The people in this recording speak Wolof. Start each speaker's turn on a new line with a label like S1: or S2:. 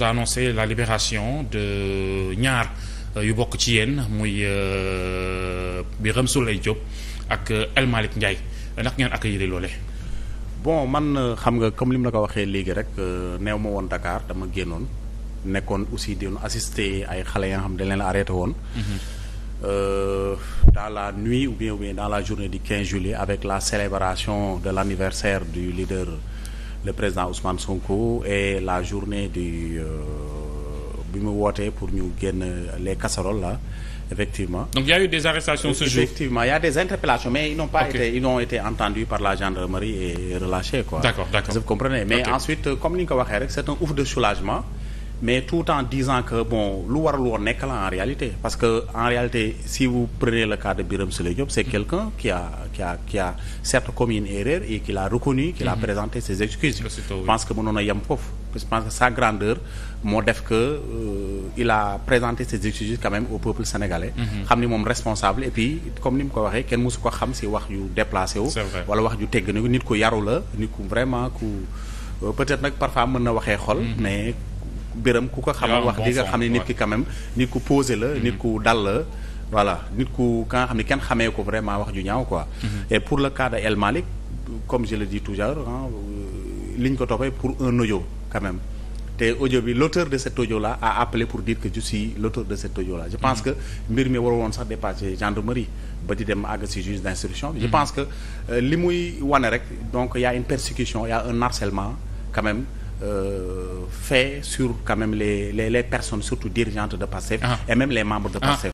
S1: nous la libération ñaar euh, yu bokk ci yéen muy Birame Souleye Diop ak euh, El Malick Ndiaye ndax ngeen accueillir loole bon man euh, xam nga comme li mu la ko waxee léegi rek neew ma woon dakaar dama génnoon nekkoon aussi di assister ay xale ya nga xam ne dañ leen arrêté woon. Mhm. la nuit ou bien ou bien dans la journée du 15 juillet avec la célébration de l'anniversaire du leader. le président Ousmane Sonko et la journée du euh, bi mu pour ñu génn les casseroles là effectivement. donc il y a eu des arrestations ce y a des interpellations mais ils n'ont pas okay. été ils n'ont été entendus par la gendarmerie et relâchés quoi. d'accord d'accord vous comprenez mais ensuite comme ni nga ko waxee rek c'est un ouf de soulagement. mais tout en disant que bon lu warul woon nekk la en réalité parce que en réalité si vous prenez le cas de Birame Souleye Diop c'est mm-hmm. quelqu'un qui a qui a qui a certes commis une erreur et qui l'a reconnu qui l'a mm-hmm. présenté ses excuses je que mënoon a yem foofu je que sa grandeur moo def que euh, il a présenté ses excuses quand même au peuple sénégalais mm-hmm. xam ni moom responsable et puis comme ni mu ko waxee kenn mosu ko xam si wax yu déplacé wu wala wax yu tegg ni nit ku yaru la nit ku vraiment ku euh, peut-être nag na waxee xol mais biram ku ko ah, xamul wax li nga xam ne nit ki quand même nit ku posé la nit mhm. ku dal la voilà nit ku ka nga xam ne kenn xamee ko vraiment wax ju ñaaw quoi mhm. pour le cas de El Malick comme je le dis toujours euh, li ñu ko toppee pour un audio te audio bi l'auteur de cet audio là a appelé pour dire que je suis l'auteur de cet audio là je pense mhm. que mbir mi war woon sax dépassé gendarmerie ba di dem àgg si juge d'instruction je pense que euh, li muy wane rek donc y a une persécution y un harcèlement quand Euh, fait sur quand même les les les personnes surtout dirigeantes de Pastef. Ah. et même les membres de ah. Pastef.